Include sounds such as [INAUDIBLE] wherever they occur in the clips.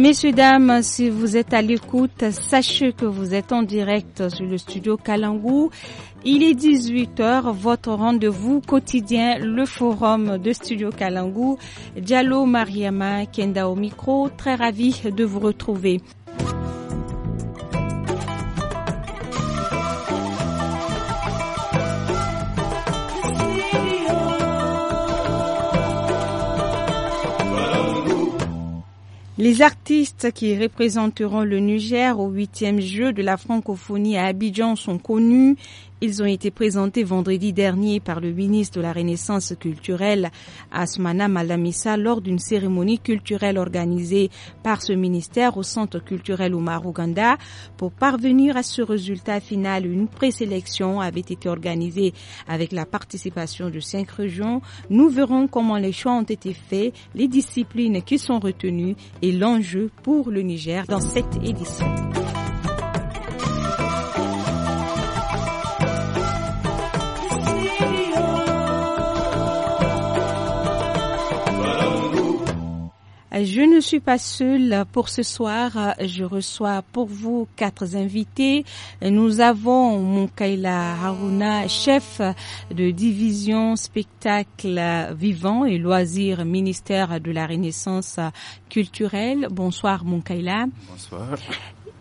Messieurs, dames, si vous êtes à l'écoute, sachez que vous êtes en direct sur le studio Kalangou. Il est 18h, votre rendez-vous quotidien, le forum de Studio Kalangou. Diallo Mariama Kenda au micro, très ravi de vous retrouver. Les artistes qui représenteront le Niger au huitième jeu de la francophonie à Abidjan sont connus. Ils ont été présentés vendredi dernier par le ministre de la Renaissance culturelle, Asmana Malamissa, lors d'une cérémonie culturelle organisée par ce ministère au Centre culturel Omar Ouganda. Pour parvenir à ce résultat final, une présélection avait été organisée avec la participation de cinq régions. Nous verrons comment les choix ont été faits, les disciplines qui sont retenues et l'enjeu pour le Niger dans cette édition. Je ne suis pas seule pour ce soir. Je reçois pour vous quatre invités. Nous avons Moukaila Haruna, chef de division spectacle vivant et loisirs ministère de la Renaissance culturelle. Bonsoir Moukaila. Bonsoir.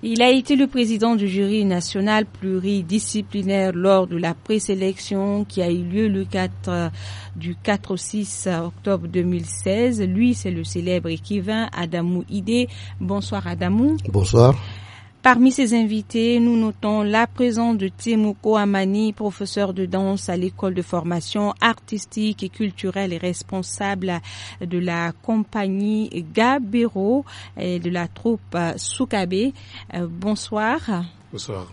Il a été le président du jury national pluridisciplinaire lors de la présélection qui a eu lieu le 4, euh, du 4 au 6 octobre 2016. Lui, c'est le célèbre écrivain Adamou Idé. Bonsoir Adamou. Bonsoir. Parmi ces invités, nous notons la présence de Temuko Amani, professeur de danse à l'école de formation artistique et culturelle et responsable de la compagnie Gabero et de la troupe Soukabe. Euh, bonsoir. Bonsoir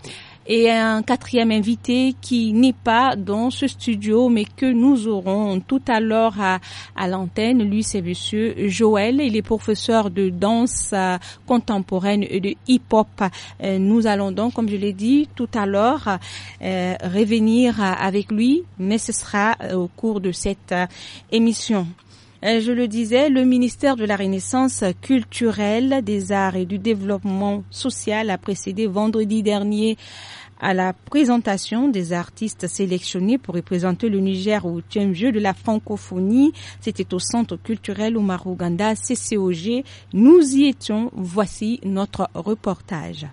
et un quatrième invité qui n'est pas dans ce studio, mais que nous aurons tout à l'heure à, l'antenne. Lui, c'est monsieur Joël. Il est professeur de danse euh, contemporaine et de hip-hop. Euh, nous allons donc, comme je l'ai dit tout à l'heure, euh, revenir avec lui, mais ce sera au cours de cette émission. Euh, je le disais, le ministère de la Renaissance culturelle, des arts et du développement social a précédé vendredi dernier à la présentation des artistes sélectionnés pour représenter le Niger au 8 jeu de la francophonie. C'était au Centre culturel au maruganda CCOG. Nous y étions. Voici notre reportage.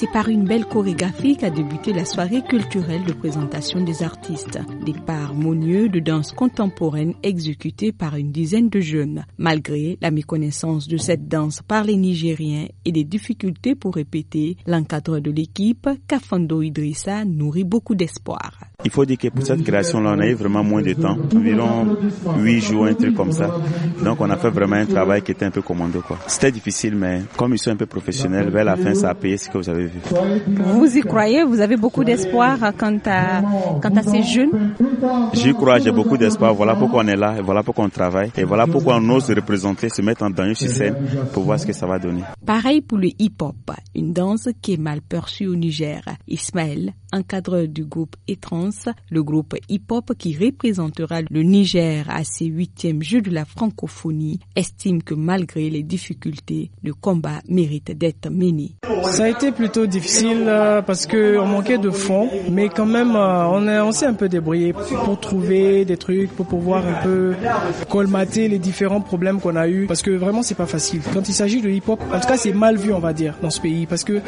C'est par une belle chorégraphie qu'a débuté la soirée culturelle de présentation des artistes. pas harmonieux de danse contemporaine exécutée par une dizaine de jeunes. Malgré la méconnaissance de cette danse par les Nigériens et des difficultés pour répéter, l'encadreur de l'équipe, Kafando Idrissa, nourrit beaucoup d'espoir. Il faut dire que pour cette création-là, on a eu vraiment moins de temps, environ 8 jours, un truc comme ça. Donc on a fait vraiment un travail qui était un peu commandé, quoi. C'était difficile, mais comme ils sont un peu professionnels, vers la fin, ça a payé ce que vous avez vu. Vous y croyez Vous avez beaucoup d'espoir quant à, à ces jeunes J'y crois, j'ai beaucoup d'espoir. Voilà pourquoi on est là, et voilà pourquoi on travaille, et voilà pourquoi on ose se représenter, se mettre en danger sur scène pour voir ce que ça va donner. Pareil pour le hip-hop, une danse qui est mal perçue au Niger. Ismaël, encadreur du groupe Étrange, le groupe hip-hop qui représentera le Niger à ses huitièmes Jeux de la francophonie estime que malgré les difficultés, le combat mérite d'être mené. Ça a été plutôt difficile euh, parce qu'on manquait de fonds, mais quand même euh, on, s'est un peu débrouillé pour trouver des trucs, pour pouvoir un peu colmater les différents problèmes qu'on a eu parce que vraiment c'est pas facile. Quand il s'agit de hip-hop, en tout cas c'est mal vu on va dire dans ce pays parce que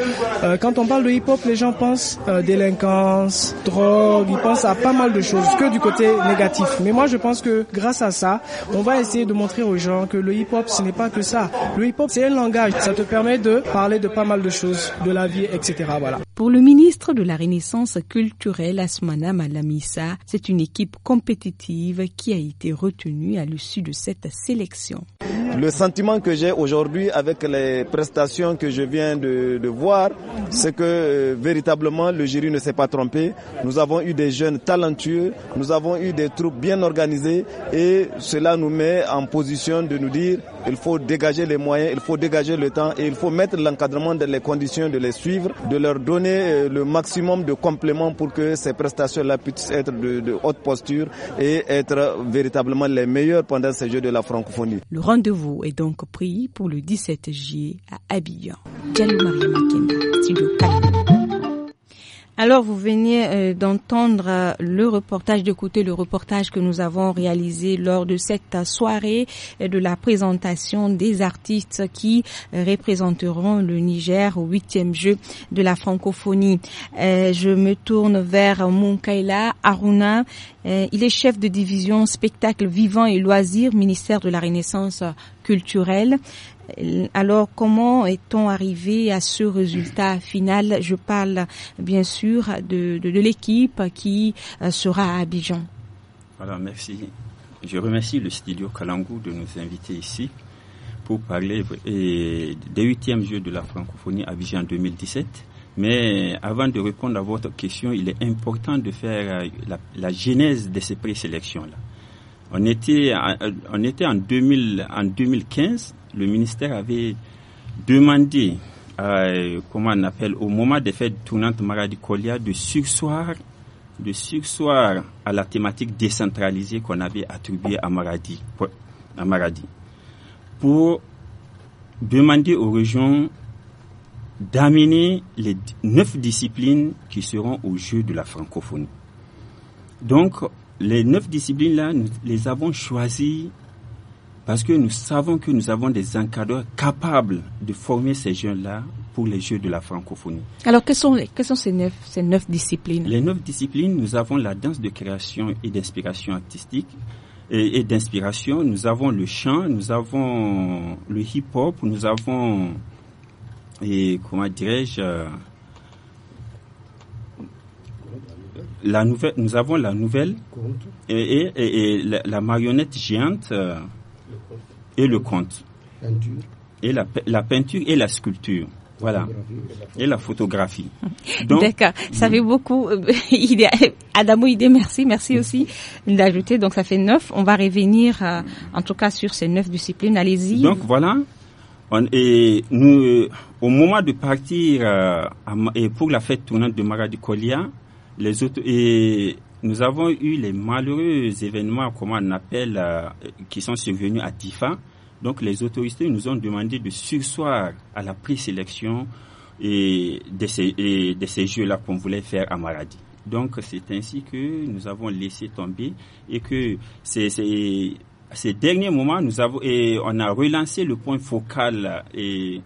euh, quand on parle de hip-hop les gens pensent délinquance, drogue il pense à pas mal de choses, que du côté négatif. Mais moi, je pense que grâce à ça, on va essayer de montrer aux gens que le hip-hop, ce n'est pas que ça. Le hip-hop, c'est un langage. Ça te permet de parler de pas mal de choses, de la vie, etc. Voilà. Pour le ministre de la Renaissance culturelle, Asmana Malamissa, c'est une équipe compétitive qui a été retenue à l'issue de cette sélection. Le sentiment que j'ai aujourd'hui avec les prestations que je viens de, voir, c'est que euh, véritablement le jury ne s'est pas trompé. Nous avons eu des jeunes talentueux, nous avons eu des troupes bien organisées et cela nous met en position de nous dire il faut dégager les moyens, il faut dégager le temps et il faut mettre l'encadrement dans les conditions de les suivre, de leur donner euh, le maximum de compléments pour que ces prestations-là puissent être de, haute posture et être véritablement les meilleures pendant ces Jeux de la francophonie. Le rendez-vous est donc pris pour le 17 juillet à Abidjan. Alors, vous venez euh, d'entendre euh, le reportage, d'écouter le reportage que nous avons réalisé lors de cette soirée euh, de la présentation des artistes qui représenteront le Niger au huitième jeu de la francophonie. je me tourne vers Munkaila Aruna. il est chef de division spectacle vivant et loisirs, ministère de la Renaissance culturelle. Alors, comment est-on arrivé à ce résultat final Je parle bien sûr de, l'équipe qui euh, sera à Abidjan. Voilà, merci. Je remercie le studio Kalangu de nous inviter ici pour parler des huitièmes Jeux de la francophonie à Abidjan 2017. Mais avant de répondre à votre question, il est important de faire euh, la, genèse de ces présélections-là. On était, on était en, 2000, en 2015 le ministère avait demandé, euh, comment on appelle, au moment des fêtes tournantes maradi colia, de sursoir, de à la thématique décentralisée qu'on avait attribuée à Maradi, à Maradi, pour demander aux régions d'amener les neuf disciplines qui seront au jeu de la francophonie. Donc, les neuf disciplines-là, nous les avons choisies parce que nous savons que nous avons des encadreurs capables de former ces jeunes-là pour les Jeux de la francophonie. Alors, quelles sont, les, sont ces, neuf, ces neuf disciplines Les neuf disciplines, nous avons la danse de création et d'inspiration artistique et, d'inspiration. Nous avons le chant, nous avons le hip-hop, nous avons, et comment dirais-je, euh, la nouvelle, nous avons la nouvelle et, la, marionnette géante. Euh, et le conte. Et la, peinture et la sculpture. Voilà. Et la photographie. D'accord. Ça fait beaucoup. [LAUGHS] Adamo Idé, merci. Merci aussi d'ajouter. Donc, ça fait neuf. On va revenir, euh, en tout cas, sur ces neuf disciplines. Allez-y. Donc, voilà. et nous, euh, au moment de partir euh, et pour la fête tournante de Maradi Kolia, les autres, et nous avons eu les malheureux événements, comment on appelle, euh, qui sont survenus à Tifa. Donc les autorités nous ont demandé de sursoir à la présélection et de ces, de ces jeux-là qu'on voulait faire à Maradi. Donc c'est ainsi que nous avons laissé tomber et que c'est ces derniers moments, nous avons, et on a relancé le point focal euh, et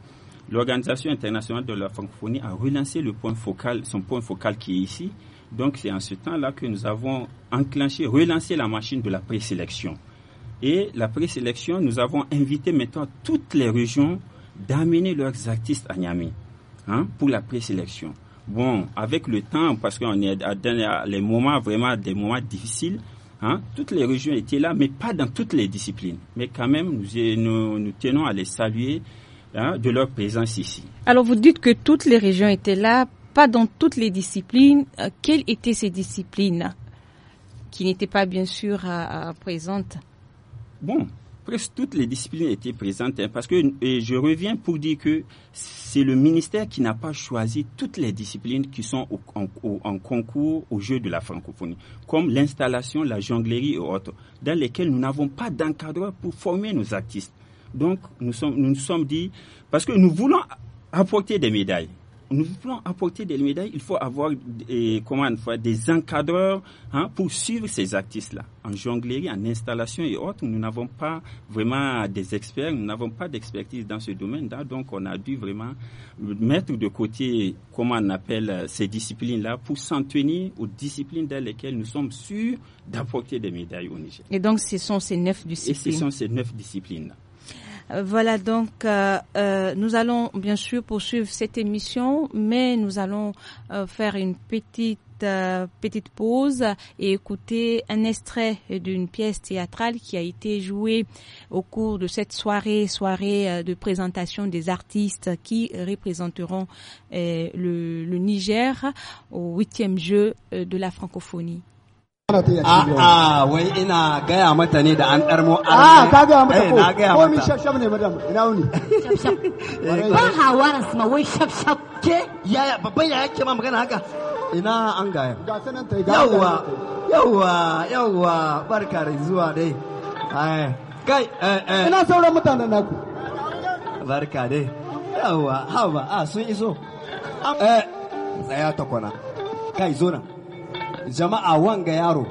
L'Organisation internationale de la francophonie a relancé le point focal, son point focal qui est ici. Donc c'est en ce temps-là que nous avons enclenché, relancé la machine de la présélection. Et la présélection, nous avons invité maintenant toutes les régions d'amener leurs artistes à Niamey hein, pour la présélection. Bon, avec le temps, parce qu'on est à des moments vraiment des moments difficiles, hein, toutes les régions étaient là, mais pas dans toutes les disciplines. Mais quand même, nous, nous tenons à les saluer Hein, de leur présence ici. Alors vous dites que toutes les régions étaient là, pas dans toutes les disciplines. Euh, quelles étaient ces disciplines qui n'étaient pas bien sûr présentes Bon, presque toutes les disciplines étaient présentes hein, parce que je reviens pour dire que c'est le ministère qui n'a pas choisi toutes les disciplines qui sont en, en, concours au jeu de la francophonie, comme l'installation, la jonglerie et autres, dans lesquelles nous n'avons pas d'encadreur pour former nos artistes. Donc, nous sommes, nous, sommes dit, parce que nous voulons apporter des médailles. Nous voulons apporter des médailles. Il faut avoir des, des encadreurs hein, pour suivre ces artistes-là. En jonglerie, en installation et autres, nous n'avons pas vraiment des experts, nous n'avons pas d'expertise dans ce domaine-là. Donc, on a dû vraiment mettre de côté, comment on appelle ces disciplines-là, pour s'en tenir aux disciplines dans lesquelles nous sommes sûrs d'apporter des médailles au Niger. Et donc, ce sont ces neuf disciplines. Et ce sont ces neuf disciplines-là. Euh, voilà, donc euh, euh, nous allons bien sûr poursuivre cette émission, mais nous allons faire une petite petite pause et écouter un extrait d'une pièce théâtrale qui a été jouée au cours de cette soirée, soirée de présentation des artistes qui représenteront le Niger au huitième jeu de la francophonie. A'a wai ina gaya mata ne da an ɗarmo a ka gaya mata eh, ko ko min shaf shaf ne madam ina wuni [LAUGHS] eh, ba eh. hawaras ma wai shaf shaf ke yaya babban yaya ke ma magana haka ina an gaya ga sanan tai ga yawa yawa yawa barka da zuwa dai kai eh eh ina sauran mutanen naku barka dai yawa haba a sun iso eh tsaya ta kwana kai zo na jama'a wanga yaro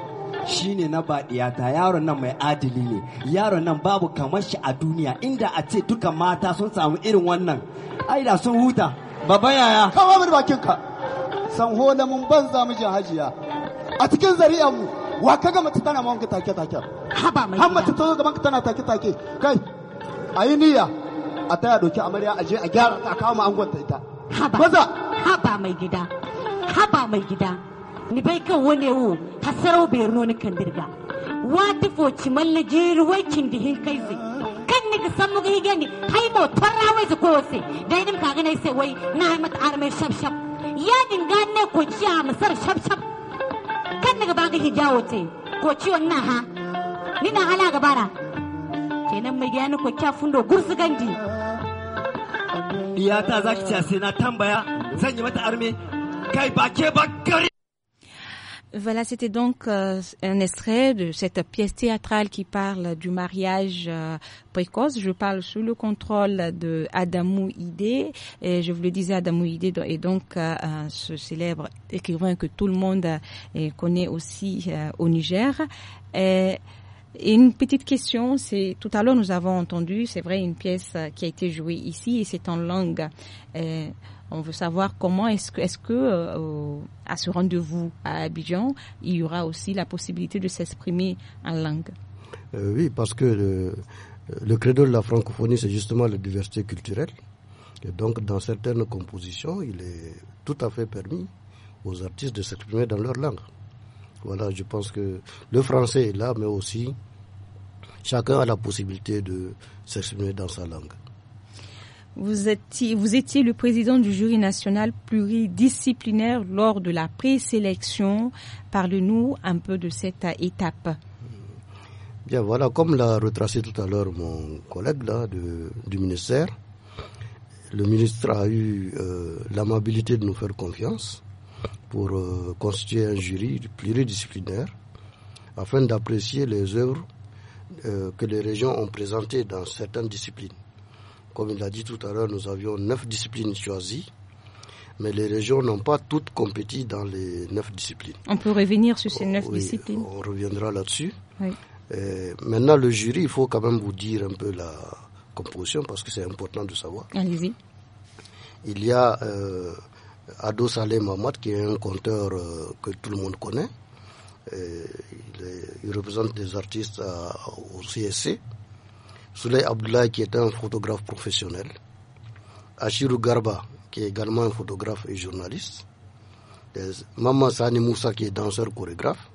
shi ne na baɗiyata yaron nan mai adili ne yaron nan babu kamar shi a duniya inda a ce duka mata sun samu irin wannan ai da sun huta baban yaya kawo bakin ka. san hola mun banza mijin hajiya a cikin zari'a mu wa kaga mace tana mawanka take take haba mai har mace ta zo gaban ka tana take take kai ayi niyya a taya doki amarya a je a gyara ta a kawo mu angon ta ita haba maza haba mai gida haba mai gida ni bai kan wani wo hasaro sarau bai ni kan dirga wati fo ci malle je wai kin di hin kai zai kan ni ga san mu ga ni hai mo tarra wai su ko sai dai nim ka ga sai wai na hai mata arme shab-shab. ya din gane ko ci a masar shab-shab. kan ni ga ba ga hijawo te ko ci wannan ha ni na hala ga bara kenan mai gani ko kya fundo gursu gandi iyata zaki ci sai na tambaya zan yi mata arme kai ba ke ba Voilà, c'était donc euh, un extrait de cette pièce théâtrale qui parle du mariage euh, précoce. Je parle sous le contrôle de Adamou Idé. je vous le disais, Adamou Idé est donc euh, ce célèbre écrivain que tout le monde connaît aussi au Niger. Et, une petite question, c'est tout à l'heure nous avons entendu, c'est vrai, une pièce qui a été jouée ici et c'est en langue. On veut savoir comment est-ce que, est-ce que euh, à ce rendez-vous à Abidjan, il y aura aussi la possibilité de s'exprimer en langue. Euh, oui, parce que le, le, credo de la francophonie, c'est justement la diversité culturelle. Et donc, dans certaines compositions, il est tout à fait permis aux artistes de s'exprimer dans leur langue. Voilà, je pense que le français est là, mais aussi chacun a la possibilité de s'exprimer dans sa langue. Vous étiez, vous étiez le président du jury national pluridisciplinaire lors de la présélection. Parlez-nous un peu de cette étape. Bien, voilà, comme l'a retracé tout à l'heure mon collègue là, de, du ministère, le ministre a eu euh, l'amabilité de nous faire confiance pour euh, constituer un jury pluridisciplinaire afin d'apprécier les œuvres euh, que les régions ont présentées dans certaines disciplines. Comme il l'a dit tout à l'heure, nous avions neuf disciplines choisies mais les régions n'ont pas toutes compétit dans les neuf disciplines. On peut revenir sur ces neuf disciplines. On reviendra là-dessus. Euh, maintenant, le jury, il faut quand même vous dire un peu la composition parce que c'est important de savoir. Allez-y. Il y a Ados euh, Ado Mamad qui est un conteur euh, que tout le monde connaît. il, représente des artistes au CSC. Souley Abdullah qui est un photographe professionnel, Achiru Garba qui est également un photographe et journaliste, Maman Sani Moussa qui est danseur chorégraphe,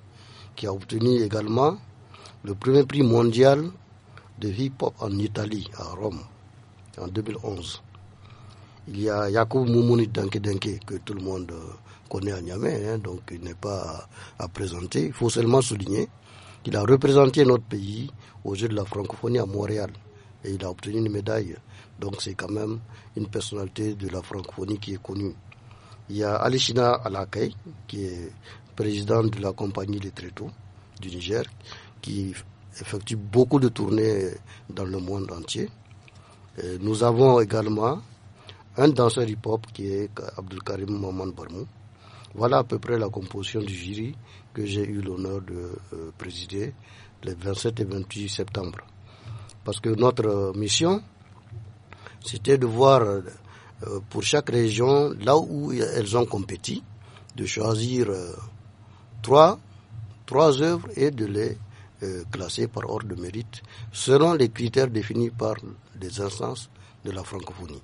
qui a obtenu également le premier prix mondial de hip-hop en Italie, à Rome, en 2011. Il y a Yacoub Moumouni Danke que tout le monde connaît à Niamey, hein, donc il n'est pas à présenter. Il faut seulement souligner il a représenté notre pays au jeu de la francophonie à Montréal. Et il a obtenu une médaille. Donc c'est quand même une personnalité de la francophonie qui est connue. Il y a Alishina Alakay, qui est président de la compagnie Les Tréteaux du Niger, qui effectue beaucoup de tournées dans le monde entier. nous avons également un danseur hip-hop qui est Abdul Karim Maman Barmou, voilà à peu près la composition du jury que j'ai eu l'honneur de euh, présider les 27 et 28 septembre. Parce que notre euh, mission, c'était de voir euh, pour chaque région, là où elles ont compéti, de choisir trois, trois œuvres et de les classer par ordre de mérite selon les critères définis par les instances de la francophonie.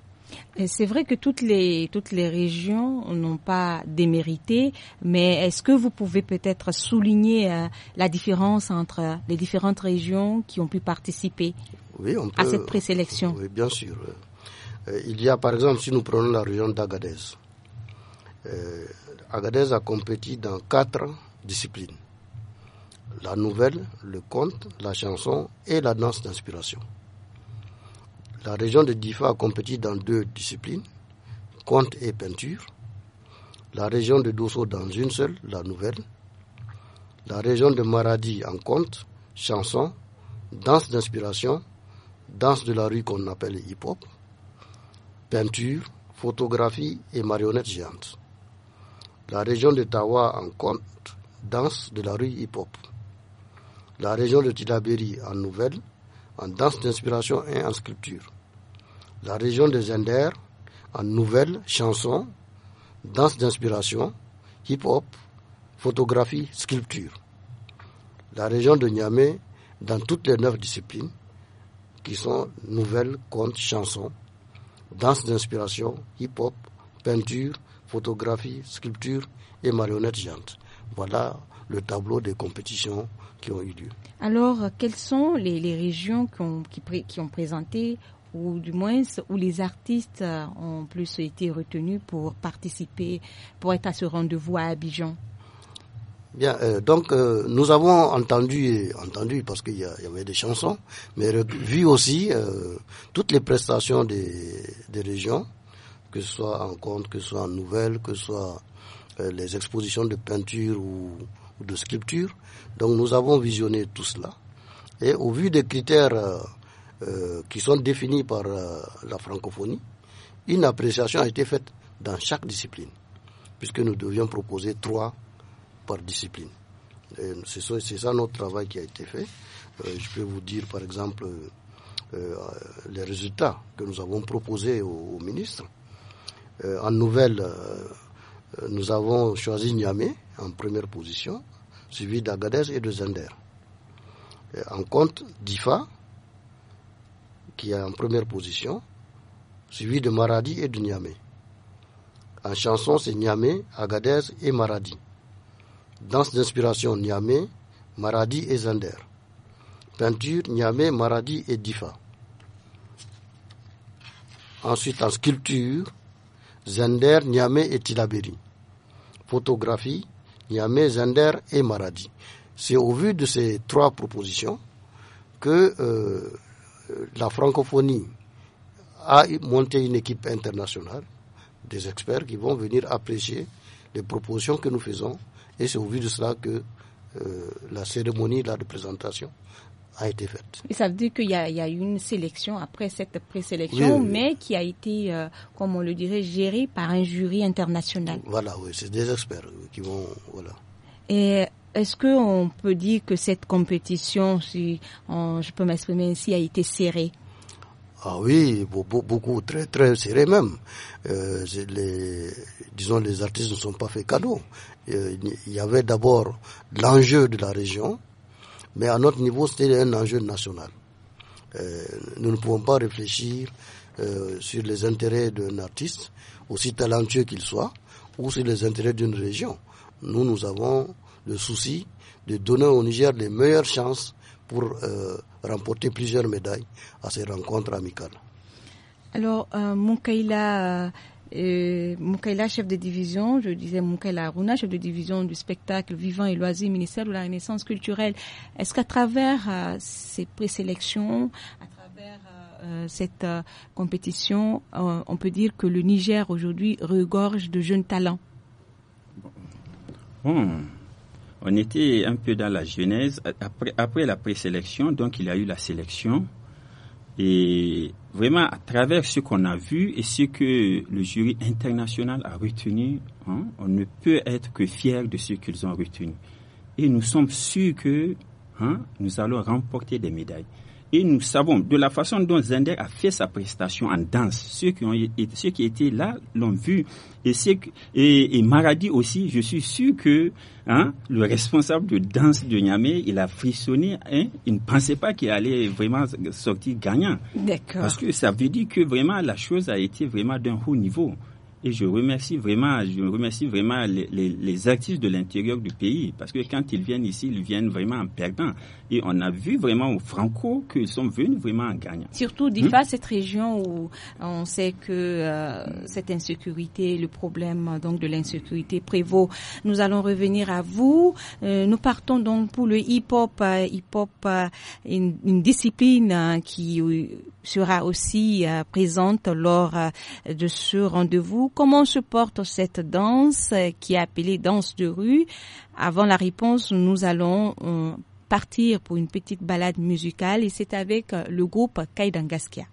C'est vrai que toutes les, toutes les régions n'ont pas démérité, mais est-ce que vous pouvez peut-être souligner euh, la différence entre les différentes régions qui ont pu participer à cette présélection Oui, bien sûr. Euh, il y a par exemple, si nous prenons la région d'Agadez, euh, Agadez a compéti dans quatre disciplines la nouvelle, le conte, la chanson et la danse d'inspiration. La région de Difa a compétit dans deux disciplines, conte et peinture. La région de Dosso dans une seule, la nouvelle. La région de Maradi en conte, chanson, danse d'inspiration, danse de la rue qu'on appelle hip-hop, peinture, photographie et marionnettes géantes. La région de Tawa en conte, danse de la rue hip-hop. La région de Tidaberi en nouvelle, en danse d'inspiration et en sculpture la région des Zender en nouvelles, chansons, danse d'inspiration, hip-hop, photographie, sculpture. La région de Niamey dans toutes les neuf disciplines qui sont nouvelles, contes, chansons, danse d'inspiration, hip-hop, peinture, photographie, sculpture et marionnettes jantes. Voilà le tableau des compétitions qui ont eu lieu. Alors, quelles sont les, régions qui ont présenté ou du moins où les artistes euh, ont plus été retenus pour participer, pour être à ce rendez-vous à Abidjan Bien, euh, donc euh, nous avons entendu, entendu parce qu'il y, avait des chansons, mais vu aussi toutes les prestations des, des, régions, que ce soit en compte que ce soit en nouvelles, que ce soit les expositions de peinture ou, de sculpture. Donc nous avons visionné tout cela. Et au vu des critères euh, qui sont définis par euh, la francophonie, une appréciation a été faite dans chaque discipline, puisque nous devions proposer trois par discipline. C'est ça, notre travail qui a été fait. Euh, je peux vous dire, par exemple, les résultats que nous avons proposés au, ministres. ministre. en nouvelle, nous avons choisi Niamey en première position, suivi d'Agadez et de Zender. En compte, DIFA, qui est en première position, suivi de Maradi et de Niamey. En chanson, c'est Niamey, Agadez et Maradi. Danse d'inspiration Niamey, Maradi et Zander. Peinture Niamey, Maradi et Difa. Ensuite, en sculpture, Zender, Niamey et Tilaberi. Photographie, Niamey, Zender et Maradi. C'est au vu de ces trois propositions que euh, euh, la francophonie a monté une équipe internationale, des experts qui vont venir apprécier les propositions que nous faisons. Et c'est au vu de cela que euh, la cérémonie la représentation a été faite. Et ça veut dire qu'il y, a eu une sélection après cette présélection, mais qui a été, euh, comme on le dirait, gérée par un jury international. Voilà, oui, c'est des experts qui vont. Voilà. Et est-ce qu'on peut dire que cette compétition, si je peux m'exprimer ainsi, a été serrée ah oui, beaucoup, très très serrée même. Euh, les, disons, les artistes ne sont pas faits cadeaux euh, il y avait d'abord l'enjeu de la région, mais à notre niveau, c'était un enjeu national. Euh, nous ne pouvons pas réfléchir euh, sur les intérêts d'un artiste, aussi talentueux qu'il soit, ou sur les intérêts d'une région. Nous, nous avons le souci de donner au Niger les meilleures chances pour euh, remporter plusieurs médailles à ces rencontres amicales. Alors, euh, Moukaïla, euh, Moukaïla, chef de division, je disais Moukaïla Aruna, chef de division du spectacle vivant et Loisir, ministère de la Renaissance culturelle. Est-ce qu'à travers ces présélections, à travers cette compétition, on peut dire que le Niger aujourd'hui regorge de jeunes talents hmm on était un peu dans la genèse. Après, la présélection, donc il y a eu la sélection. Et vraiment, à travers ce qu'on a vu et ce que le jury international a retenu, hein, on ne peut être que fier de ce qu'ils ont retenu. Et nous sommes sûrs que hein, nous allons remporter des médailles. Et nous savons de la façon dont Zender a fait sa prestation en danse. Ceux qui, ont, ceux qui étaient là l'ont vu. Et, et, Maradi aussi, je suis sûr que hein, le responsable de danse de Niamey, il a frissonné. Hein, il ne pensait pas qu'il allait vraiment sortir gagnant. D'accord. Parce que ça veut dire que vraiment la chose a été vraiment d'un haut niveau. Et je remercie vraiment, je remercie vraiment les, les, les actifs de l'intérieur du pays, parce que quand ils viennent ici, ils viennent vraiment en perdant. Et on a vu vraiment au Franco qu'ils sont venus vraiment en gagnant. Surtout d'IFA, hmm? cette région où on sait que euh, cette insécurité, le problème donc de l'insécurité prévaut. Nous allons revenir à vous. Euh, nous partons donc pour le hip-hop, euh, hip-hop, une, discipline qui sera aussi présente lors de ce rendez-vous comment se porte cette danse qui est appelée danse de rue Avant la réponse, nous allons euh, partir pour une petite balade musicale et c'est avec euh, le groupe Kaidangaskia.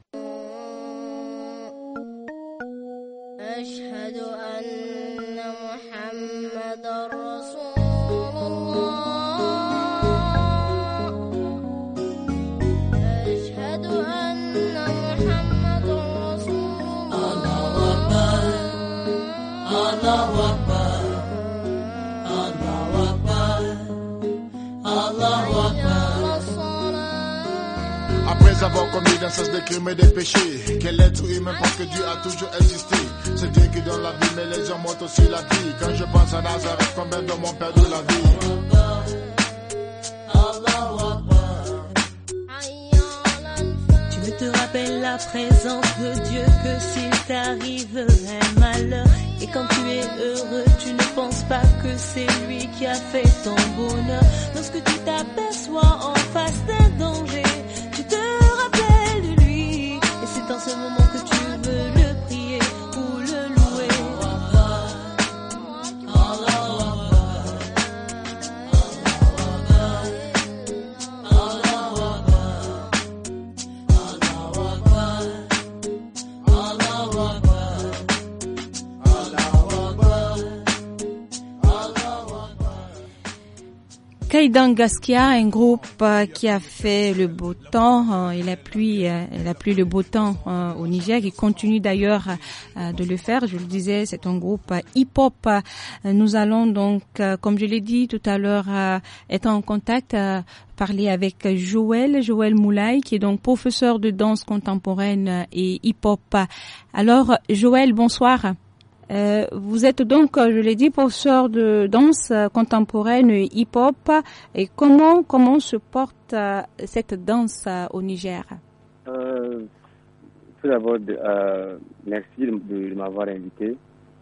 Nous avons commis d'un sens des crimes et des péchés, quel être humain pense que Dieu a toujours existé C'est Dieu qui donne la vie, mais les gens montent aussi la vie. Quand je pense à Nazareth, combien de mon père de la vie Tu ne te rappelles la présence de Dieu que s'il t'arriverait malheur et quand tu es heureux, tu ne penses pas que c'est lui qui a fait ton bonheur. Lorsque tu t'aperçois en face d'un danger, dans Gaskia, un groupe euh, qui a fait le beau temps et la pluie, il a euh, le beau temps euh, au Niger, qui continue d'ailleurs de le faire. Je le disais, c'est un groupe hip-hop. Nous allons donc, comme je l'ai dit tout à l'heure, être en contact parler avec Joël, Joël Moulay, qui est donc professeur de danse contemporaine et hip-hop. Alors, Joël, bonsoir. Euh, vous êtes donc, euh, je l'ai dit, professeur de danse contemporaine hip-hop. Et comment, comment se porte euh, cette danse au Niger Tout d'abord, merci de, m'avoir invité.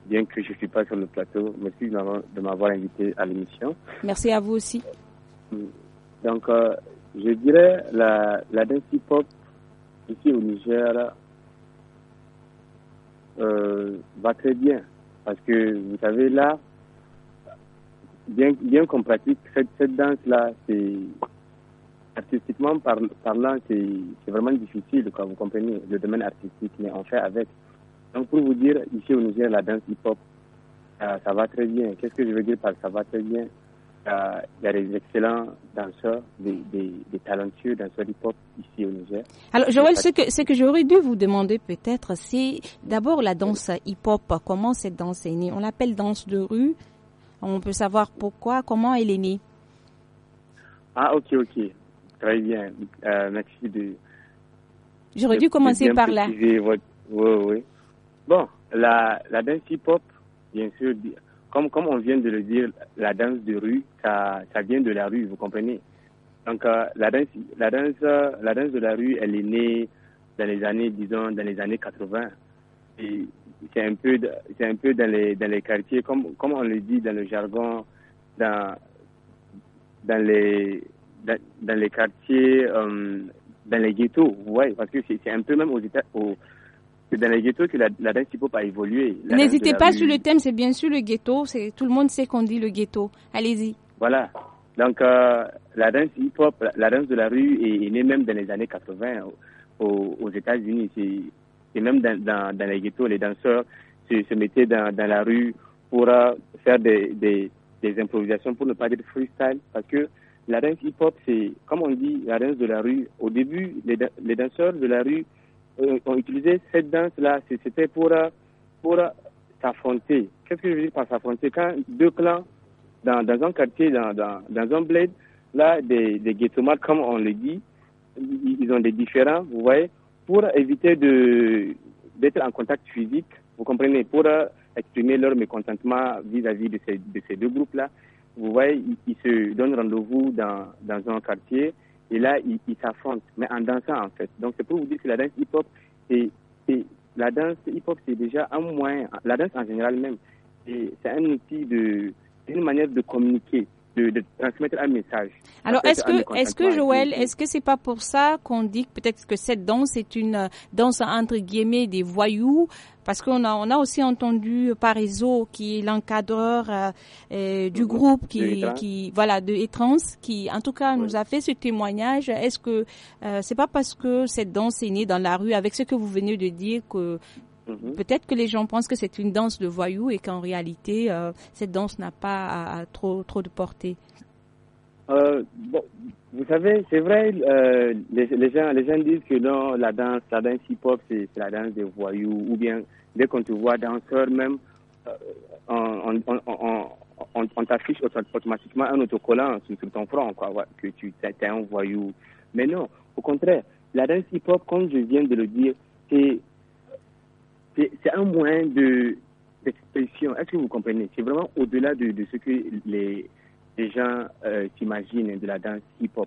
Bien que je ne suis pas sur le plateau, merci de m'avoir invité à l'émission. Merci à vous aussi. Donc, je dirais la, la danse hip-hop ici au Niger euh, va très bien. Parce que vous savez, là, bien, bien qu'on pratique cette, cette danse-là, c'est artistiquement parlant, c'est vraiment difficile, quand vous comprenez, le domaine artistique, mais on fait avec. Donc pour vous dire, ici au Niger, la danse hip-hop, ça va très bien. Qu'est-ce que je veux dire par ça va très bien euh, il y, a des excellents danseurs, des, talentueux danseurs hip-hop ici au Niger. Alors, Joël, ce que, ce que j'aurais dû vous demander peut-être, c'est d'abord la danse hip-hop, comment cette danse est née On l'appelle danse de rue. On peut savoir pourquoi, comment elle est née. Ah, ok, ok. Très bien. Euh, merci de. J'aurais dû commencer par là. Oui, oui. Bon, la, la danse hip-hop, bien sûr, comme, comme on vient de le dire, la danse de rue, ça, ça vient de la rue, vous comprenez Donc euh, la, danse, la, danse, la danse de la rue, elle est née dans les années, disons, dans les années 80. Et c'est un peu, c'est un peu dans, les, quartiers, comme, comme on le dit dans le jargon, dans, dans, les, dans, les quartiers, euh, dans les ghettos, vous parce que c'est un peu même aux, États-Unis. C'est dans les ghettos que la, danse hip-hop a évolué. N'hésitez pas sur le thème, c'est bien sûr le ghetto. Tout le monde sait qu'on dit le ghetto. Allez-y. Voilà. Donc, euh, la danse hip-hop, la, danse de la rue est, née même dans les années 80 aux, États-Unis. Et même dans, les ghettos, les danseurs se, mettaient dans, la rue pour euh, faire des, improvisations, pour ne pas dire freestyle, parce que la danse hip-hop, c'est, comme on dit, la danse de la rue. Au début, les danseurs de la rue euh, ont utilisé cette danse-là, c'était pour, euh, pour euh, s'affronter. Qu'est-ce que je veux dire par s'affronter Quand deux clans dans, dans un quartier, dans, dans, un bled, là, des, des guettomards, comme on le dit, ils ont des différends, vous voyez, pour éviter d'être en contact physique, vous comprenez, pour exprimer leur mécontentement vis-à-vis de, ces, de ces deux groupes-là, vous voyez, ils, ils se donnent rendez-vous dans, dans un quartier et là, ils s'affrontent, mais en dansant en fait. Donc c'est pour vous dire que la danse hip-hop, c'est la danse hip-hop, c'est déjà un moyen, la danse en général même, c'est un outil de, une manière de communiquer de, transmettre un message. Alors, est-ce que, est-ce que Joël, est-ce que c'est pas pour ça qu'on dit peut-être que cette danse est une euh, danse entre guillemets des voyous? Parce qu'on a, on a aussi entendu Parisot, qui est l'encadreur euh, euh, du groupe, qui, qui voilà, de Etrans, qui en tout cas nous a fait ce témoignage. Est-ce que c'est pas parce que cette danse est née dans la rue, avec ce que vous venez de dire, que Mhm. Peut-être que les gens pensent que c'est une danse de voyous et qu'en réalité, euh, cette danse n'a pas trop, trop de portée. Euh, vous savez, c'est vrai, euh, les, gens, les disent que non, la danse, la hip-hop, c'est la danse des voyous, ou bien dès qu'on te voit danseur même, on, t'affiche automatiquement un autocollant sur, ton front, quoi, que tu es un voyou. Mais non, au contraire, la danse hip-hop, comme je viens de le dire, c'est c'est un moyen de d'expression. Est-ce que vous comprenez C'est vraiment au-delà de, de, ce que les, les gens euh, s'imaginent de la danse hip-hop.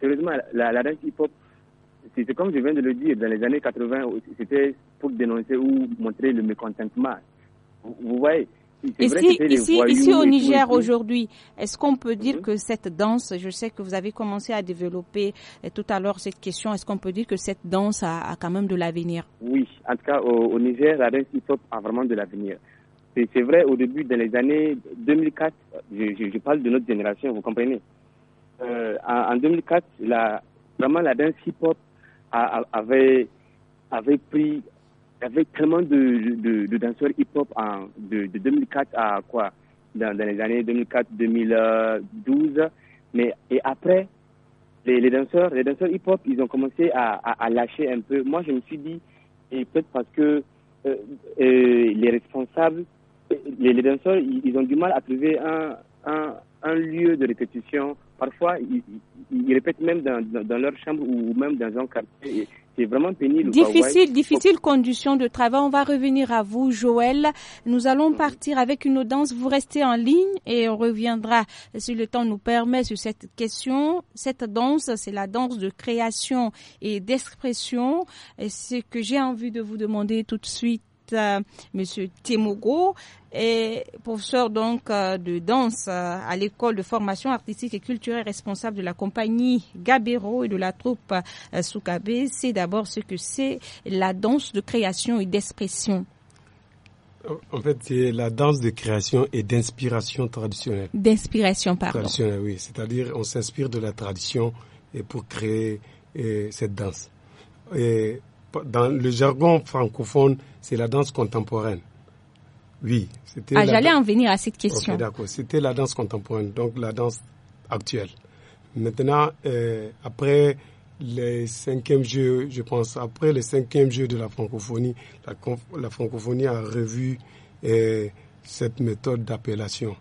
Sérieusement, la, danse hip-hop, c'est comme je viens de le dire, dans les années 80, c'était pour dénoncer ou montrer le mécontentement. vous voyez Ici, ici, ici au Niger aujourd'hui, est-ce qu'on peut dire mhm. que cette danse, je sais que vous avez commencé à développer euh, tout à l'heure cette question, est-ce qu'on peut dire que cette danse a, quand même de l'avenir Oui, en tout cas au, Niger, la danse hip-hop a vraiment de l'avenir. C'est vrai, au début, dans les années 2004, je, parle de notre génération, vous comprenez euh, en, 2004, la, vraiment la danse hip-hop avait, avait pris il y de, tellement de danseurs hip-hop de, 2004 à quoi dans, les années 2004-2012. Mais et après, les, danseurs, les danseurs hip-hop, ils ont commencé à, lâcher un peu. Moi, je me suis dit, et peut-être parce que euh, euh, les responsables, les, danseurs, ils, ont du mal à trouver un, un lieu de répétition. Parfois, ils, répètent même dans, leur chambre ou même dans un quartier. Difficile, difficile condition de travail. On va revenir à vous, Joël. Nous allons partir avec une danse. Vous restez en ligne et on reviendra, si le temps nous permet, sur cette question. Cette danse, c'est la danse de création et d'expression. Et ce que j'ai envie de vous demander tout de suite, euh, Monsieur Temogo, est professeur donc euh, de danse euh, à l'école de formation artistique et culturelle responsable de la compagnie Gabero et de la troupe Soukabe. C'est d'abord ce que c'est la danse de création et d'expression. En fait, c'est la danse de création et d'inspiration traditionnelle. D'inspiration, pardon. Traditionnelle, oui. C'est-à-dire, on s'inspire de la tradition et pour créer cette danse. Et dans le jargon francophone, c'est la danse contemporaine. Oui, c'était. Ah, j'allais en venir à cette question. Okay, d'accord. C'était la danse contemporaine, donc la danse actuelle. Maintenant, euh, après les cinquièmes jeux, je pense, après les cinquièmes jeux de la francophonie, la, francophonie a revu euh, cette méthode d'appellation.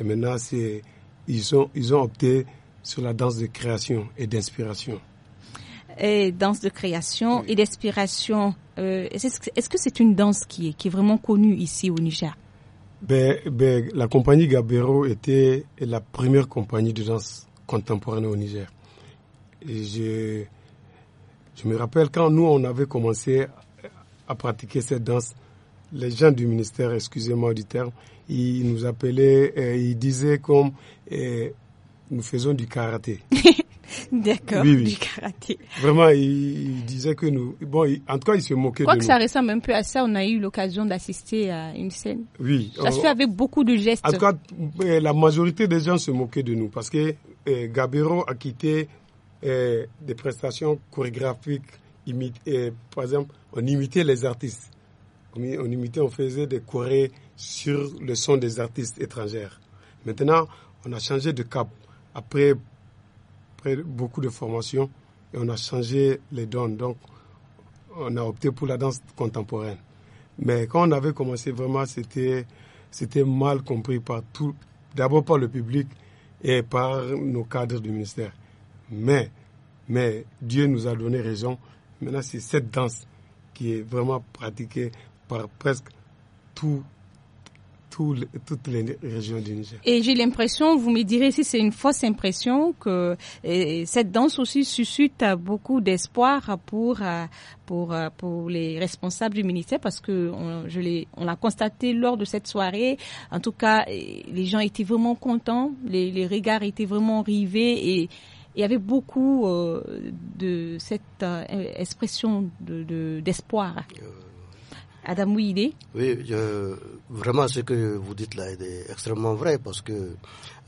Et maintenant, c'est ils ont ils ont opté sur la danse de création et d'inspiration et danse de création et d'inspiration. Euh, est-ce que c'est une danse qui est, qui est vraiment connue ici au Niger ben, ben, La compagnie Gabero était la première compagnie de danse contemporaine au Niger. Et je, me rappelle quand nous, on avait commencé à pratiquer cette danse, les gens du ministère, excusez-moi du terme, ils nous appelaient, et euh, ils disaient comme euh, nous faisons du karaté. [LAUGHS] [LAUGHS] D'accord, du karaté. Vraiment, il, disait que nous... Bon, en tout cas, il se moquait Quoi crois que ça ressemble un peu à ça, on a eu l'occasion d'assister à une scène. Oui. Ça se fait avec beaucoup de gestes. En tout cas, euh, la majorité des gens se moquaient de nous parce que gabiro euh, Gabero a quitté euh, des prestations chorégraphiques. par exemple, on imitait les artistes. On, on imitait, on faisait des chorés sur le son des artistes étrangères. Maintenant, on a changé de cap. Après après beaucoup de formations et on a changé les dons. Donc, on a opté pour la danse contemporaine. Mais quand on avait commencé, vraiment, c'était, c'était mal compris par tout, d'abord par le public et par nos cadres du ministère. Mais, mais Dieu nous a donné raison. Maintenant, c'est cette danse qui est vraiment pratiquée par presque tous toutes les régions du Niger. Et j'ai l'impression, vous me direz si c'est une fausse impression, que cette danse aussi suscite beaucoup d'espoir pour, euh, pour, euh, pour les responsables du ministère parce que je l'ai, on l'a constaté lors de cette soirée. En tout cas, les gens étaient vraiment contents, les, regards étaient vraiment rivés et il y avait beaucoup euh, de cette expression d'espoir. De, Adam Oui, vraiment ce que vous dites là est extrêmement vrai parce que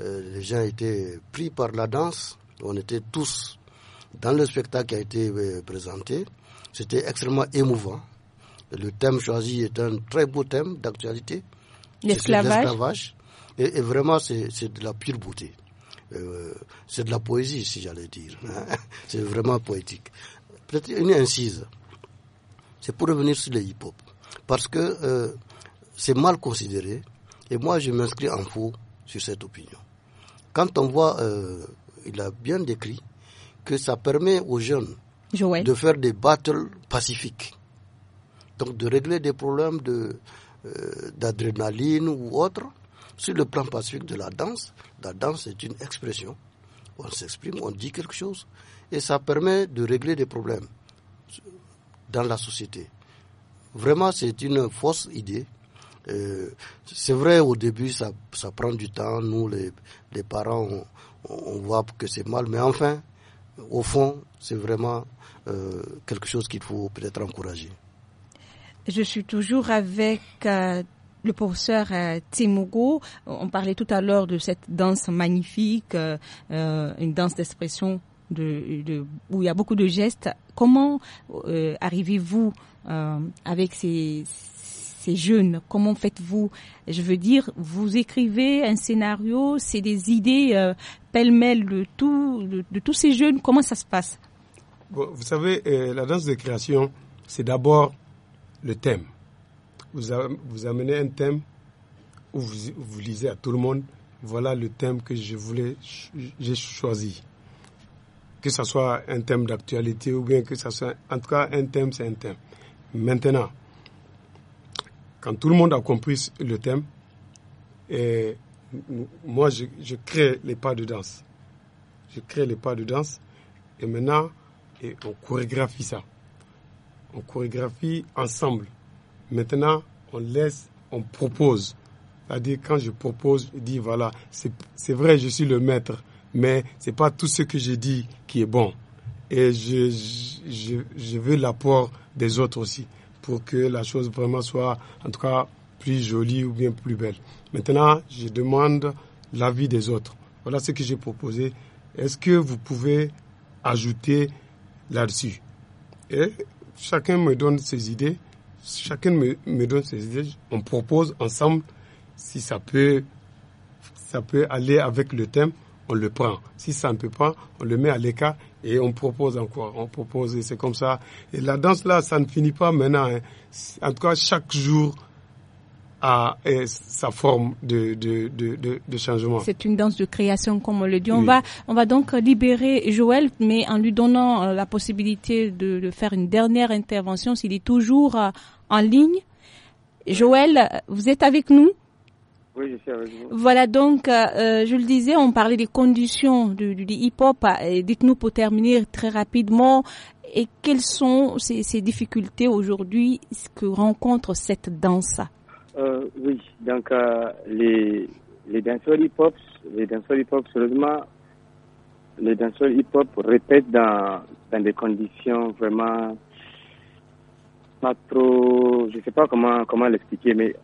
euh, les gens étaient pris par la danse. On était tous dans le spectacle qui a été euh, présenté. C'était extrêmement émouvant. Le thème choisi est un très beau thème d'actualité. L'esclavage. Et, et, vraiment, c'est de la pure beauté. Euh, c'est de la poésie, si j'allais dire. Hein. [LAUGHS] c'est vraiment poétique. Peut-être une incise. C'est pour revenir sur le hip-hop parce que euh, c'est mal considéré. Et moi, je m'inscris en faux sur cette opinion. Quand on voit, euh, il a bien décrit que ça permet aux jeunes de faire des battles pacifiques, donc de régler des problèmes de euh, d'adrénaline ou autre. Sur le plan pacifique de la danse, la danse est une expression. On s'exprime, on dit quelque chose, et ça permet de régler des problèmes dans la société. Vraiment, c'est une fausse idée. Euh, c'est vrai, au début, ça, ça, prend du temps. Nous, les, parents, on, voit que c'est mal. Mais enfin, au fond, c'est vraiment euh, quelque chose qu'il faut peut-être encourager. Je suis toujours avec euh, le professeur euh, Timogo. On parlait tout à l'heure de cette danse magnifique, une danse d'expression de, où il y a beaucoup de gestes. Comment euh, arrivez-vous euh, avec ces, jeunes Comment faites-vous Je veux dire, vous écrivez un scénario, c'est des idées euh, pêle-mêle de, de, tous ces jeunes. Comment ça se passe Vous savez, la danse de création, c'est d'abord le thème. Vous, amenez un thème où vous, vous lisez à tout le monde, voilà le thème que je voulais, j'ai choisi que ce soit un thème d'actualité ou bien que ce soit, en tout cas, un thème, c'est un thème. Maintenant, quand tout le monde a compris le thème, et moi, je, je, crée les pas de danse. Je crée les pas de danse et maintenant, et on chorégraphie ça. On chorégraphie ensemble. Maintenant, on laisse, on propose. C'est-à-dire, quand je propose, je dis voilà, c'est vrai, je suis le maître mais c'est pas tout ce que j'ai dit qui est bon. Et je, je, je veux l'apport des autres aussi pour que la chose vraiment soit, en tout cas, plus jolie ou bien plus belle. Maintenant, je demande l'avis des autres. Voilà ce que j'ai proposé. Est-ce que vous pouvez ajouter là-dessus Et chacun me donne ses idées. Chacun me, me donne ses idées. On propose ensemble si ça peut, ça peut aller avec le thème on le prend. Si ça ne peut pas, on le met à l'écart et on propose encore. On propose et c'est comme ça. Et la danse là, ça ne finit pas maintenant. Hein. En tout cas, chaque jour a sa forme de, de, de, changement. C'est une danse de création, comme on le dit. On va on va donc libérer Joël, mais en lui donnant euh, la possibilité de, faire une dernière intervention s'il est toujours euh, en ligne. Joël, vous êtes avec nous? Oui, je suis Voilà, donc, euh, euh, je le disais, on parlait des conditions du, hip-hop. Euh, dites-nous pour terminer très rapidement, et quelles sont ces, difficultés aujourd'hui que rencontre cette danse Oui, donc les, les danseurs hip-hop, les danseurs hip-hop, sérieusement, les danseurs hip-hop répètent dans, dans des conditions vraiment pas trop, je sais pas comment comment l'expliquer, mais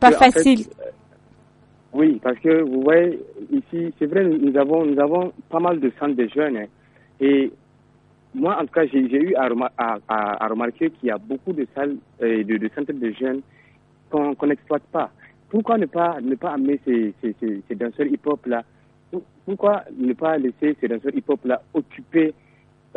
pas facile. Oui, parce que vous voyez, ici, c'est vrai, nous avons, nous avons pas mal de centres de jeunes. Hein. et moi, en tout cas, j'ai eu à, remarquer qu'il y a beaucoup de salles, euh, de, centres de jeunes qu'on n'exploite pas. Pourquoi ne pas, ne pas amener ces, danseurs hip-hop-là Pourquoi ne pas laisser ces danseurs hip-hop-là occuper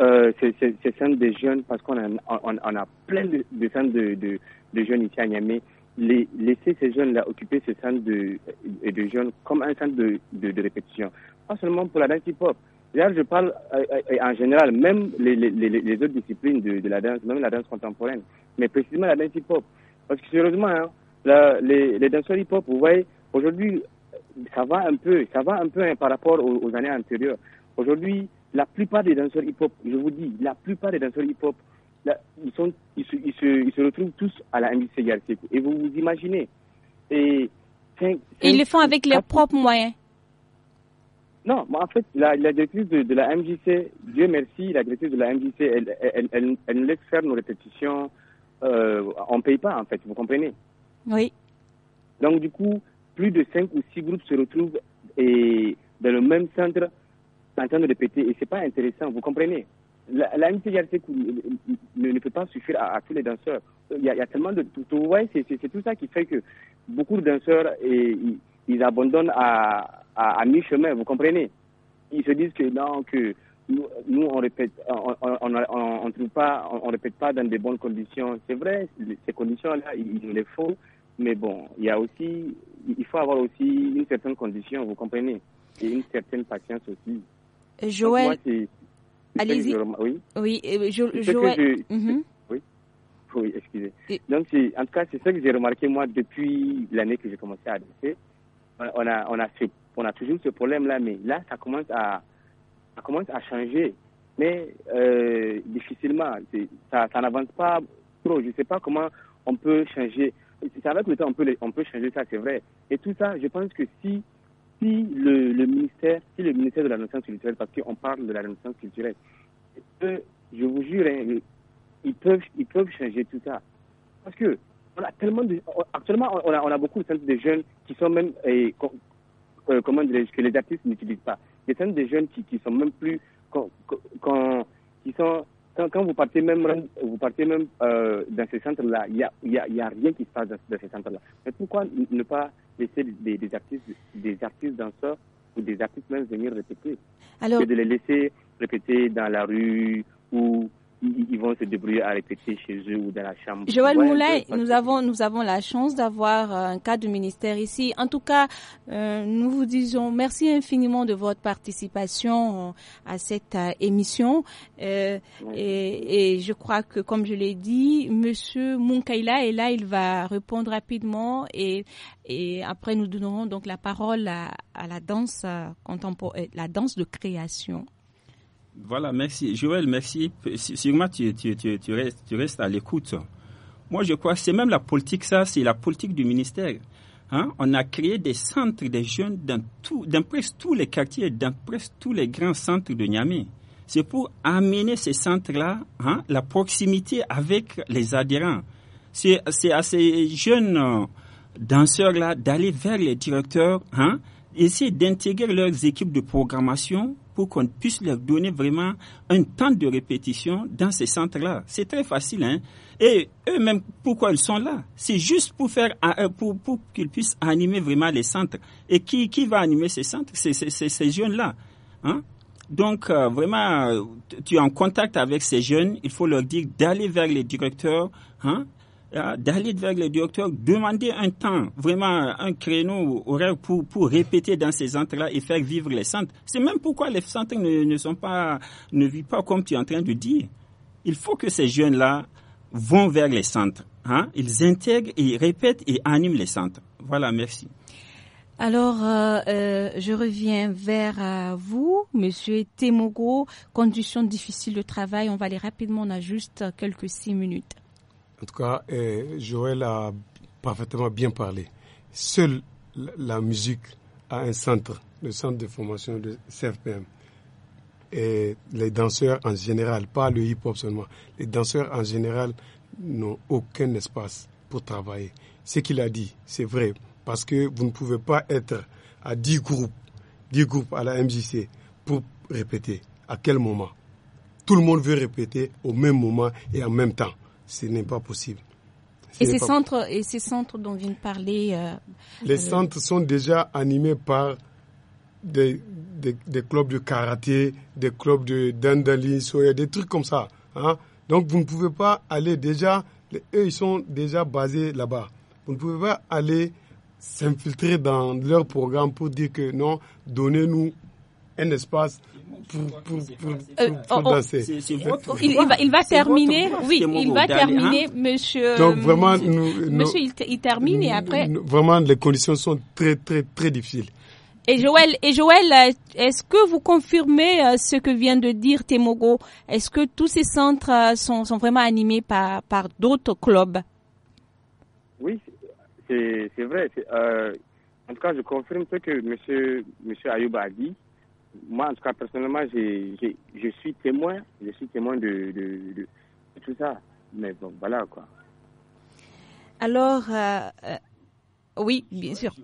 euh, ces, centres de jeunes Parce qu'on a, on, a plein de, centres de, jeunes ici à Niamey les, laisser ces jeunes-là occuper ce centre de, de jeunes comme un centre de, de, répétition. Pas seulement pour la danse hip-hop. Là, je parle euh, euh, en général, même les, les, les autres disciplines de, la danse, même la danse contemporaine, mais précisément la danse hip-hop. Parce que sérieusement, hein, les, danseurs hip-hop, vous voyez, aujourd'hui, ça va un peu, ça va un peu hein, par rapport aux années antérieures. Aujourd'hui, la plupart des danseurs hip-hop, je vous dis, la plupart des danseurs hip-hop ils, se, retrouvent tous à la MJC Et vous vous imaginez et, ils le font avec leurs propres moyens non, en fait, la, directrice de, la MJC, Dieu merci, la directrice de la MJC, elle, nous laisse faire nos répétitions. Euh, on ne paye pas, en fait, vous comprenez Oui. Donc, du coup, plus de 5 ou 6 groupes se retrouvent et, dans le même centre en train de répéter. Et ce n'est pas intéressant, vous comprenez la, la ne, peut pas suffire à, tous les danseurs. Il y, a, il y a tellement de. Vous c'est tout ça qui fait que beaucoup de danseurs, ils, abandonnent à, à, mi-chemin, vous comprenez Ils se disent que non, que nous, on répète, on, on, trouve pas, on, répète pas dans des bonnes conditions. C'est vrai, ces conditions-là, il nous les faut, mais bon, il y a aussi, il faut avoir aussi une certaine condition, vous comprenez, et une certaine patience aussi. Joël. Donc, oui. je, je, je... oui. Oui, excusez. Donc, en tout cas, c'est ça que j'ai remarqué, moi, depuis l'année que j'ai commencé à danser. On a, on a, on a toujours ce problème-là, mais là, ça commence à, commence à changer. Mais euh, difficilement, ça, n'avance pas trop. Je ne sais pas comment on peut changer. C'est avec le temps, on peut, on peut changer ça, c'est vrai. Et tout ça, je pense que si si le, ministère, si le ministère de la Renaissance culturelle, parce qu'on parle de la Renaissance culturelle, je vous jure, hein, ils peuvent, ils peuvent changer tout ça. Parce que on a tellement de, actuellement, on a, beaucoup de centres de jeunes qui sont même, et euh, comment dire, que les artistes n'utilisent pas. Des centres des jeunes qui, sont même plus, qui sont quand, vous partez même, vous partez même euh, dans ce centre là il n'y a, y rien qui se passe dans, ce ces centres-là. Mais pourquoi ne pas laisser des, artistes, des artistes danseurs ou des artistes même venir répéter Alors... de les laisser répéter dans la rue ou ils, vont se débrouiller à répéter chez eux ou dans la chambre. Joël Moulin, nous avons, nous avons la chance d'avoir euh, un cas de ministère ici. En tout cas, euh, nous vous disons merci infiniment de votre participation euh, à cette émission. et, je crois que, comme je l'ai dit, Monsieur Munkaila est là, il va répondre rapidement et, et après nous donnerons donc la parole à, à la danse contemporaine, la danse de création. Voilà, merci. Joël, merci. Sûrement, tu, tu, restes, à l'écoute. Moi, je crois que c'est même la politique, ça, c'est la politique du ministère. Hein. On a créé des centres des jeunes dans, tout, dans presque tous les quartiers, dans presque tous les grands centres de Niamey. C'est pour amener ces centres-là, hein, la proximité avec les adhérents. C'est à ces jeunes euh, danseurs-là d'aller vers les directeurs, hein, essayer d'intégrer leurs équipes de programmation pour qu'on puisse leur donner vraiment un temps de répétition dans ces centres-là. C'est très facile. Hein? Et eux-mêmes, pourquoi ils sont là C'est juste pour faire euh, pour, pour qu'ils puissent animer vraiment les centres. Et qui, qui va animer ces centres C'est ces jeunes-là. Hein? Donc, euh, vraiment, tu es en contact avec ces jeunes. Il faut leur dire d'aller vers les directeurs hein, euh, d'aller vers le docteur, demander un temps, vraiment un créneau horaire pour, pour répéter dans ces centres-là et faire vivre les centres. C'est même pourquoi les centres ne, ne, sont pas, ne vivent pas comme tu es en train de dire. Il faut que ces jeunes-là vont vers les centres. Hein? Ils intègrent et répètent et animent les centres. Voilà, merci. Alors, euh, euh, je reviens vers vous, Monsieur Temogo. Conditions difficiles de travail, on va aller rapidement, on a juste quelques six minutes. En tout cas, euh, Joël a parfaitement bien parlé. Seule la musique a un centre, le centre de formation de CFPM. Et les danseurs en général, pas le hip-hop seulement, les danseurs en général n'ont aucun espace pour travailler. Ce qu'il a dit, c'est vrai, parce que vous ne pouvez pas être à 10 groupes, 10 groupes à la MJC pour répéter. À quel moment Tout le monde veut répéter au même moment et en même temps ce n'est pas possible. et ces, centres, et ces centres dont vient de parler. Euh, les euh, centres sont déjà animés par des, des, clubs de karaté, des clubs de dandalis, des trucs comme ça. Hein. Donc vous ne pouvez pas aller déjà, eux ils sont déjà basés là-bas. Vous ne pouvez pas aller s'infiltrer dans leur programme pour dire que non, donnez-nous un espace pour, pour, euh, danser. il, va, il va terminer, oui, il va terminer, hein. monsieur. Donc euh, vraiment, nous, monsieur, il, termine et après. Vraiment, les conditions sont très, très, très difficiles. Et Joël, et Joël, euh, est-ce que vous confirmez ce que vient de dire Temogo Est-ce que tous ces centres sont, sont vraiment animés par, par d'autres clubs Oui, c'est vrai. en tout cas, je confirme ce que monsieur, monsieur Ayouba a dit moi, en tout cas, personnellement, je, suis témoin, je suis témoin de, de, tout ça. Mais bon, voilà quoi. Alors, euh, euh, oui, bien sûr.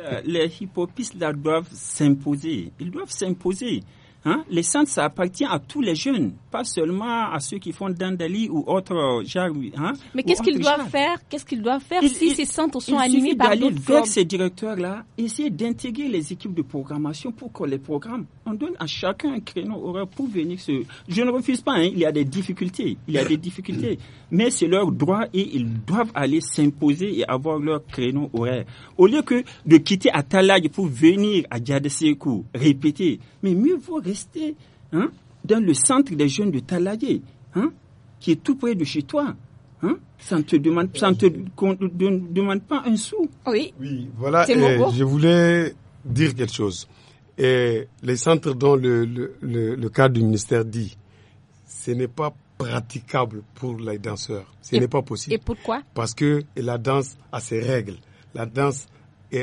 Euh, les hippopistes là doivent s'imposer. Ils doivent s'imposer. Hein. Les centres, ça appartient à tous les jeunes pas seulement à ceux qui font Dandali ou autres genre. Hein, Mais qu'est-ce qu'ils doivent faire Qu'est-ce qu'ils doivent faire si ces centres sont animés par d'autres vers ces directeurs-là, essayer d'intégrer les équipes de programmation pour que les programmes, on donne à chacun un créneau horaire pour venir Je ne refuse pas, hein, il y a des difficultés, il y a des difficultés. [COUGHS] Mais c'est leur droit et ils doivent aller s'imposer et avoir leur créneau horaire. Au lieu que de quitter à pour venir à Djadesekou, répéter. Mais mieux vaut rester. Hein, dans le centre des jeunes de Talayé, hein, qui est tout près de chez toi. Hein, ça te demande, te demande pas un sou. Oui. voilà. je voulais dire quelque chose. Et les centres dont le, le, le, cadre du ministère dit, ce n'est pas praticable pour les danseurs. Ce n'est pas possible. Et pourquoi Parce que la danse a ses règles. La danse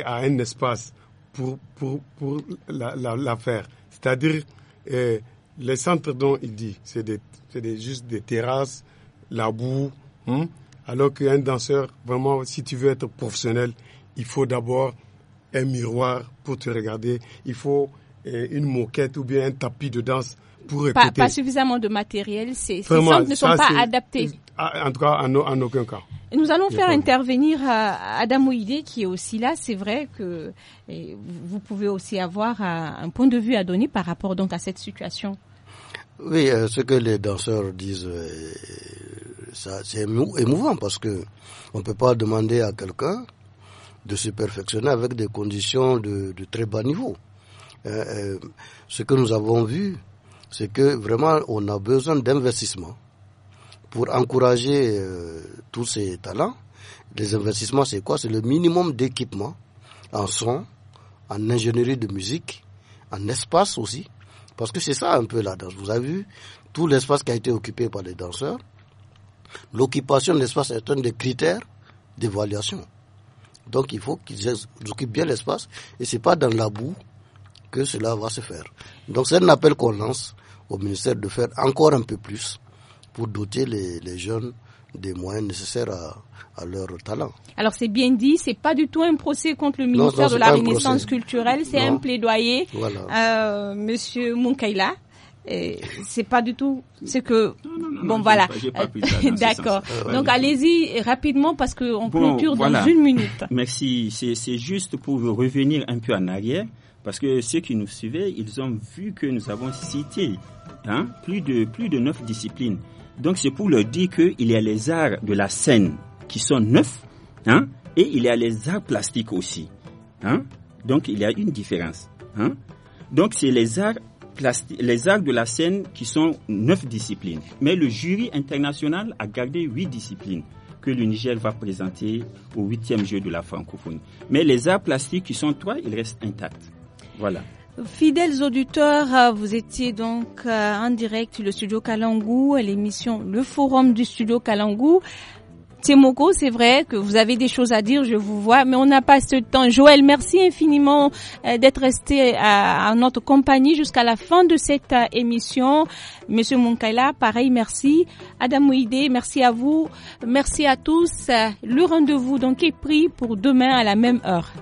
a un espace pour, pour, pour la, faire. C'est-à-dire, euh, les centres dont il dit, c'est des, des, juste des terrasses, la boue. Hein. Alors qu'un danseur, vraiment, si tu veux être professionnel, il faut d'abord un miroir pour te regarder. Il faut euh, une moquette ou bien un tapis de danse pour répéter. Pas, pas suffisamment de matériel. Ces, centres ne sont pas adaptés. Ah, en tout cas, en aucun cas. Nous allons faire intervenir euh, Adam Ouidé qui est aussi là. C'est vrai que vous pouvez aussi avoir un point de vue à donner par rapport donc à cette situation. Oui, euh, ce que les danseurs disent, euh, c'est émouvant parce que on peut pas demander à quelqu'un de se perfectionner avec des conditions de très bas niveau. ce que nous avons vu, c'est que vraiment on a besoin d'investissement pour encourager euh, tous ces talents. Les investissements, c'est quoi C'est le minimum d'équipement en son, en ingénierie de musique, en espace aussi. Parce que c'est ça un peu la danse. Vous avez vu tout l'espace qui a été occupé par les danseurs. L'occupation de l'espace est un des critères d'évaluation. Donc il faut qu'ils occupent bien l'espace et c'est pas dans la boue que cela va se faire. Donc c'est un appel qu'on lance au ministère de faire encore un peu plus pour doter les, jeunes des moyens nécessaires à, leur talent. Alors c'est bien dit, c'est pas du tout un procès contre le ministère de la Renaissance culturelle, c'est un plaidoyer, monsieur euh, Monsieur Munkaila. C'est pas du tout, ce que bon voilà, d'accord. Donc allez-y rapidement parce qu'on peut clôture dans une minute. [LAUGHS] Merci. C'est juste pour revenir un peu en arrière parce que ceux qui nous suivaient, ils ont vu que nous avons cité hein, plus de plus de neuf disciplines. Donc c'est pour leur dire qu'il y a les arts de la scène qui sont neufs, hein, et il y a les arts plastiques aussi. Hein. Donc il y a une différence. Hein. Donc c'est les arts les arts de la scène qui sont neuf disciplines. Mais le jury international a gardé huit disciplines que le Niger va présenter au huitième jeu de la francophonie. Mais les arts plastiques qui sont trois, ils restent intacts. Voilà. Fidèles auditeurs, euh, vous étiez donc euh, en direct le studio Kalangou, l'émission Le Forum du studio Kalangou. Tiemoko, c'est vrai que vous avez des choses à dire, je vous vois, mais on n'a pas ce temps. Joël, merci infiniment euh, d'être resté à, notre compagnie jusqu'à la fin de cette émission. Monsieur Munkaila, pareil, merci. Adam Ouidé, merci à vous. Merci à tous. Le rendez-vous donc est pris pour demain à la même heure.